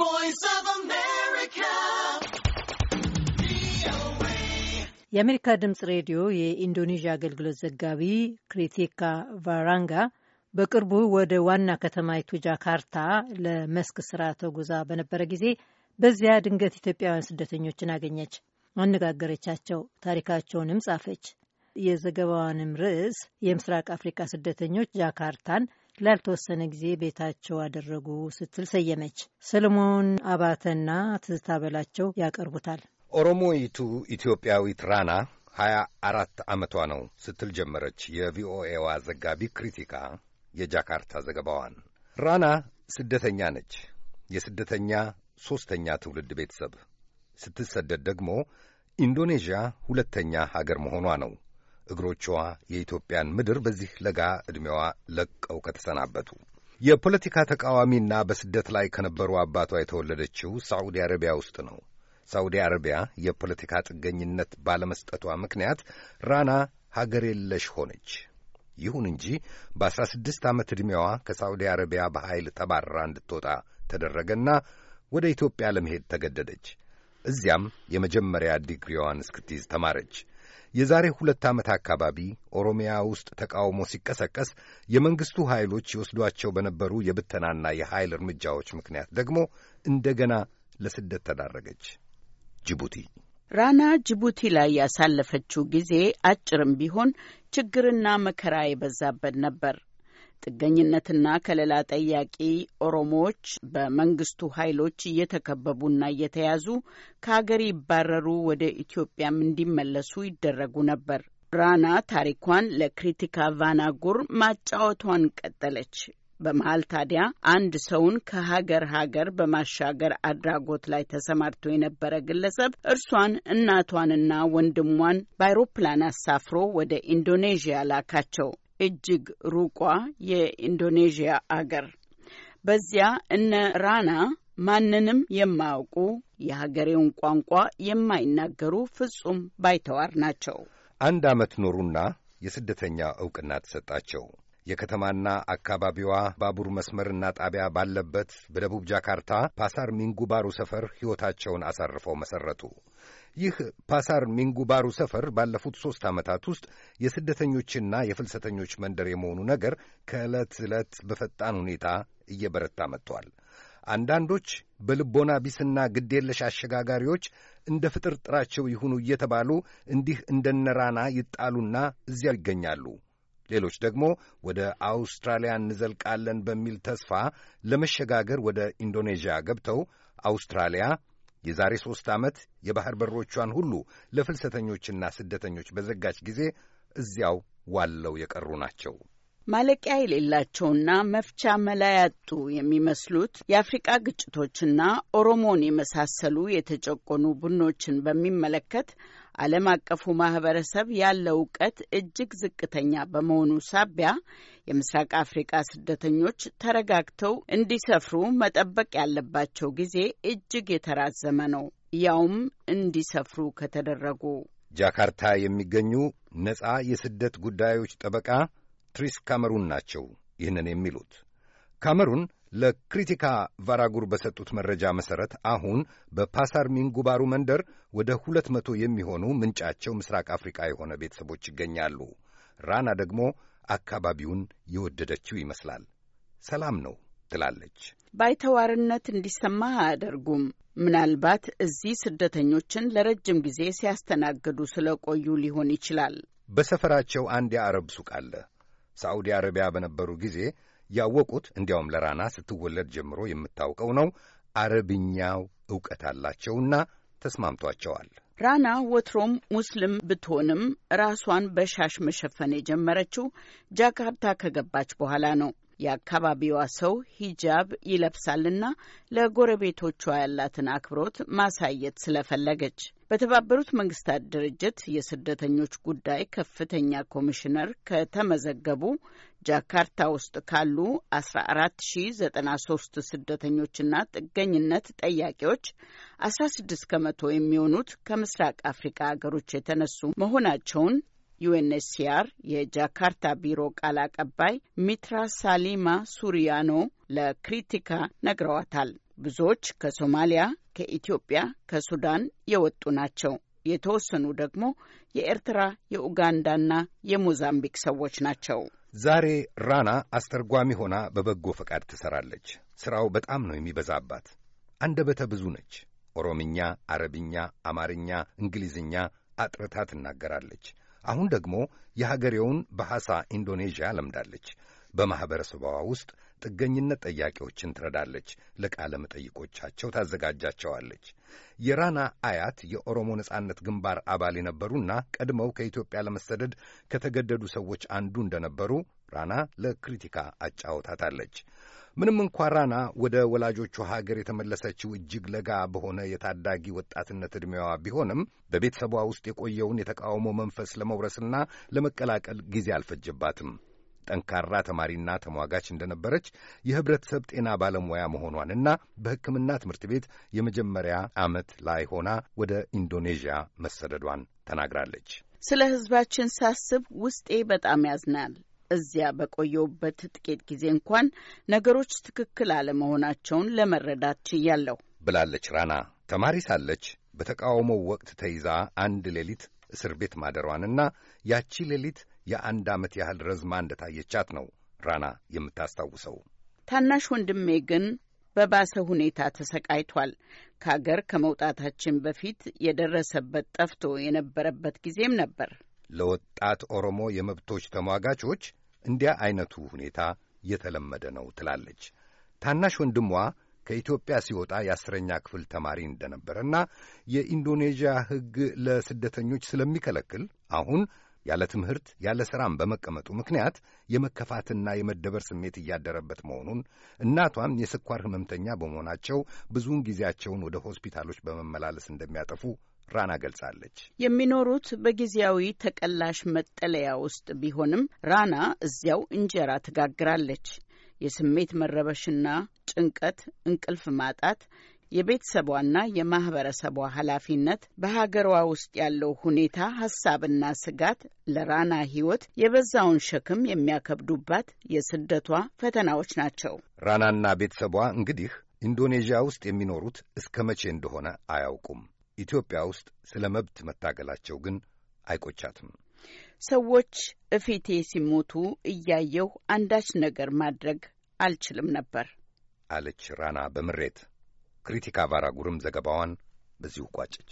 voice of America. የአሜሪካ ድምፅ ሬዲዮ የኢንዶኔዥያ አገልግሎት ዘጋቢ ክሪቲካ ቫራንጋ በቅርቡ ወደ ዋና ከተማይቱ ጃካርታ ለመስክ ስራ ተጉዛ በነበረ ጊዜ በዚያ ድንገት ኢትዮጵያውያን ስደተኞችን አገኘች፣ አነጋገረቻቸው፣ ታሪካቸውንም ጻፈች። የዘገባዋንም ርዕስ የምስራቅ አፍሪካ ስደተኞች ጃካርታን ላልተወሰነ ጊዜ ቤታቸው አደረጉ ስትል ሰየመች። ሰለሞን አባተና ትዝታ በላቸው ያቀርቡታል። ኦሮሞይቱ ኢትዮጵያዊት ራና ሀያ አራት ዓመቷ ነው ስትል ጀመረች የቪኦኤዋ ዘጋቢ ክሪቲካ የጃካርታ ዘገባዋን። ራና ስደተኛ ነች። የስደተኛ ሦስተኛ ትውልድ ቤተሰብ ስትሰደድ ደግሞ ኢንዶኔዥያ ሁለተኛ ሀገር መሆኗ ነው። እግሮቿ የኢትዮጵያን ምድር በዚህ ለጋ ዕድሜዋ ለቀው ከተሰናበቱ የፖለቲካ ተቃዋሚና በስደት ላይ ከነበሩ አባቷ የተወለደችው ሳዑዲ አረቢያ ውስጥ ነው። ሳዑዲ አረቢያ የፖለቲካ ጥገኝነት ባለመስጠቷ ምክንያት ራና ሀገር የለሽ ሆነች። ይሁን እንጂ በአስራ ስድስት ዓመት ዕድሜዋ ከሳዑዲ አረቢያ በኃይል ተባራ እንድትወጣ ተደረገና ወደ ኢትዮጵያ ለመሄድ ተገደደች። እዚያም የመጀመሪያ ዲግሪዋን እስክትይዝ ተማረች። የዛሬ ሁለት ዓመት አካባቢ ኦሮሚያ ውስጥ ተቃውሞ ሲቀሰቀስ የመንግሥቱ ኃይሎች ይወስዷቸው በነበሩ የብተናና የኃይል እርምጃዎች ምክንያት ደግሞ እንደገና ለስደት ተዳረገች ጅቡቲ። ራና ጅቡቲ ላይ ያሳለፈችው ጊዜ አጭርም ቢሆን ችግርና መከራ የበዛበት ነበር። ጥገኝነትና ከለላ ጠያቂ ኦሮሞዎች በመንግስቱ ኃይሎች እየተከበቡና እየተያዙ ከሀገር ይባረሩ፣ ወደ ኢትዮጵያም እንዲመለሱ ይደረጉ ነበር። ራና ታሪኳን ለክሪቲካ ቫናጉር ማጫወቷን ቀጠለች። በመሀል ታዲያ አንድ ሰውን ከሀገር ሀገር በማሻገር አድራጎት ላይ ተሰማርቶ የነበረ ግለሰብ እርሷን እናቷንና ወንድሟን በአይሮፕላን አሳፍሮ ወደ ኢንዶኔዥያ ላካቸው። እጅግ ሩቋ የኢንዶኔዥያ አገር። በዚያ እነ ራና ማንንም የማያውቁ የሀገሬውን ቋንቋ የማይናገሩ ፍጹም ባይተዋር ናቸው። አንድ ዓመት ኖሩና የስደተኛ ዕውቅና ተሰጣቸው። የከተማና አካባቢዋ ባቡር መስመርና ጣቢያ ባለበት በደቡብ ጃካርታ ፓሳር ሚንጉባሩ ሰፈር ሕይወታቸውን አሳርፈው መሠረቱ። ይህ ፓሳር ሚንጉባሩ ሰፈር ባለፉት ሦስት ዓመታት ውስጥ የስደተኞችና የፍልሰተኞች መንደር የመሆኑ ነገር ከዕለት ዕለት በፈጣን ሁኔታ እየበረታ መጥቷል። አንዳንዶች በልቦና ቢስና ግዴለሽ አሸጋጋሪዎች እንደ ፍጥርጥራቸው ይሁኑ እየተባሉ እንዲህ እንደነራና ይጣሉና እዚያው ይገኛሉ። ሌሎች ደግሞ ወደ አውስትራሊያ እንዘልቃለን በሚል ተስፋ ለመሸጋገር ወደ ኢንዶኔዥያ ገብተው አውስትራሊያ የዛሬ ሦስት ዓመት የባሕር በሮቿን ሁሉ ለፍልሰተኞችና ስደተኞች በዘጋች ጊዜ እዚያው ዋለው የቀሩ ናቸው። ማለቂያ የሌላቸውና መፍቻ መላ ያጡ የሚመስሉት የአፍሪቃ ግጭቶችና ኦሮሞን የመሳሰሉ የተጨቆኑ ቡድኖችን በሚመለከት አለም አቀፉ ማህበረሰብ ያለው እውቀት እጅግ ዝቅተኛ በመሆኑ ሳቢያ የምስራቅ አፍሪቃ ስደተኞች ተረጋግተው እንዲሰፍሩ መጠበቅ ያለባቸው ጊዜ እጅግ የተራዘመ ነው። ያውም እንዲሰፍሩ ከተደረጉ። ጃካርታ የሚገኙ ነጻ የስደት ጉዳዮች ጠበቃ ትሪስ ካመሩን ናቸው ይህንን የሚሉት። ካመሩን ለክሪቲካ ቫራጉር በሰጡት መረጃ መሠረት አሁን በፓሳር ሚንጉባሩ መንደር ወደ ሁለት መቶ የሚሆኑ ምንጫቸው ምስራቅ አፍሪቃ የሆነ ቤተሰቦች ይገኛሉ። ራና ደግሞ አካባቢውን የወደደችው ይመስላል። ሰላም ነው ትላለች። ባይተዋርነት እንዲሰማ አያደርጉም። ምናልባት እዚህ ስደተኞችን ለረጅም ጊዜ ሲያስተናግዱ ስለቆዩ ሊሆን ይችላል። በሰፈራቸው አንድ የአረብ ሱቅ አለ። ሳዑዲ አረቢያ በነበሩ ጊዜ ያወቁት እንዲያውም ለራና ስትወለድ ጀምሮ የምታውቀው ነው። አረብኛው እውቀት አላቸውና ተስማምቷቸዋል። ራና ወትሮም ሙስልም ብትሆንም ራሷን በሻሽ መሸፈን የጀመረችው ጃካርታ ከገባች በኋላ ነው። የአካባቢዋ ሰው ሂጃብ ይለብሳልና ለጎረቤቶቿ ያላትን አክብሮት ማሳየት ስለፈለገች በተባበሩት መንግስታት ድርጅት የስደተኞች ጉዳይ ከፍተኛ ኮሚሽነር ከተመዘገቡ ጃካርታ ውስጥ ካሉ 14093 ስደተኞችና ጥገኝነት ጠያቂዎች 16 ከመቶ የሚሆኑት ከምስራቅ አፍሪካ አገሮች የተነሱ መሆናቸውን ዩኤንኤችሲአር የጃካርታ ቢሮ ቃል አቀባይ ሚትራ ሳሊማ ሱሪያኖ ለክሪቲካ ነግረዋታል። ብዙዎች ከሶማሊያ፣ ከኢትዮጵያ፣ ከሱዳን የወጡ ናቸው። የተወሰኑ ደግሞ የኤርትራ፣ የኡጋንዳና የሞዛምቢክ ሰዎች ናቸው። ዛሬ ራና አስተርጓሚ ሆና በበጎ ፈቃድ ትሰራለች። ሥራው በጣም ነው የሚበዛባት። አንደበተ ብዙ ነች። ኦሮምኛ፣ አረብኛ፣ አማርኛ፣ እንግሊዝኛ አጥርታ ትናገራለች። አሁን ደግሞ የሀገሬውን በሐሳ ኢንዶኔዥያ ለምዳለች። በማኅበረሰቧ ውስጥ ጥገኝነት ጠያቂዎችን ትረዳለች፣ ለቃለ መጠይቆቻቸው ታዘጋጃቸዋለች። የራና አያት የኦሮሞ ነጻነት ግንባር አባል የነበሩና ቀድመው ከኢትዮጵያ ለመሰደድ ከተገደዱ ሰዎች አንዱ እንደነበሩ ራና ለክሪቲካ አጫውታታለች። ምንም እንኳ ራና ወደ ወላጆቹ ሀገር የተመለሰችው እጅግ ለጋ በሆነ የታዳጊ ወጣትነት ዕድሜዋ ቢሆንም በቤተሰቧ ውስጥ የቆየውን የተቃውሞ መንፈስ ለመውረስና ለመቀላቀል ጊዜ አልፈጀባትም። ጠንካራ ተማሪና ተሟጋች እንደነበረች የህብረተሰብ ጤና ባለሙያ መሆኗን እና በሕክምና ትምህርት ቤት የመጀመሪያ ዓመት ላይ ሆና ወደ ኢንዶኔዥያ መሰደዷን ተናግራለች። ስለ ህዝባችን ሳስብ ውስጤ በጣም ያዝናል። እዚያ በቆየውበት ጥቂት ጊዜ እንኳን ነገሮች ትክክል አለመሆናቸውን ለመረዳት ችያለሁ ብላለች። ራና ተማሪ ሳለች በተቃውሞው ወቅት ተይዛ አንድ ሌሊት እስር ቤት ማደሯንና ያቺ ሌሊት የአንድ ዓመት ያህል ረዝማ እንደታየቻት ነው ራና የምታስታውሰው። ታናሽ ወንድሜ ግን በባሰ ሁኔታ ተሰቃይቷል። ከአገር ከመውጣታችን በፊት የደረሰበት ጠፍቶ የነበረበት ጊዜም ነበር። ለወጣት ኦሮሞ የመብቶች ተሟጋቾች እንዲያ አይነቱ ሁኔታ የተለመደ ነው ትላለች። ታናሽ ወንድሟ ከኢትዮጵያ ሲወጣ የአስረኛ ክፍል ተማሪ እንደነበረና የኢንዶኔዥያ ሕግ ለስደተኞች ስለሚከለክል አሁን ያለ ትምህርት ያለ ሥራም በመቀመጡ ምክንያት የመከፋትና የመደበር ስሜት እያደረበት መሆኑን እናቷም የስኳር ሕመምተኛ በመሆናቸው ብዙውን ጊዜያቸውን ወደ ሆስፒታሎች በመመላለስ እንደሚያጠፉ ራና ገልጻለች። የሚኖሩት በጊዜያዊ ተቀላሽ መጠለያ ውስጥ ቢሆንም ራና እዚያው እንጀራ ትጋግራለች። የስሜት መረበሽና ጭንቀት፣ እንቅልፍ ማጣት የቤተሰቧና የማህበረሰቧ ኃላፊነት፣ በሀገሯ ውስጥ ያለው ሁኔታ ሀሳብና ስጋት ለራና ህይወት የበዛውን ሸክም የሚያከብዱባት የስደቷ ፈተናዎች ናቸው። ራናና ቤተሰቧ እንግዲህ ኢንዶኔዥያ ውስጥ የሚኖሩት እስከ መቼ እንደሆነ አያውቁም። ኢትዮጵያ ውስጥ ስለ መብት መታገላቸው ግን አይቆጫትም። ሰዎች እፊቴ ሲሞቱ እያየሁ አንዳች ነገር ማድረግ አልችልም ነበር አለች ራና በምሬት። ክሪቲካ አባራ ጉርም ዘገባዋን በዚሁ ቋጨች።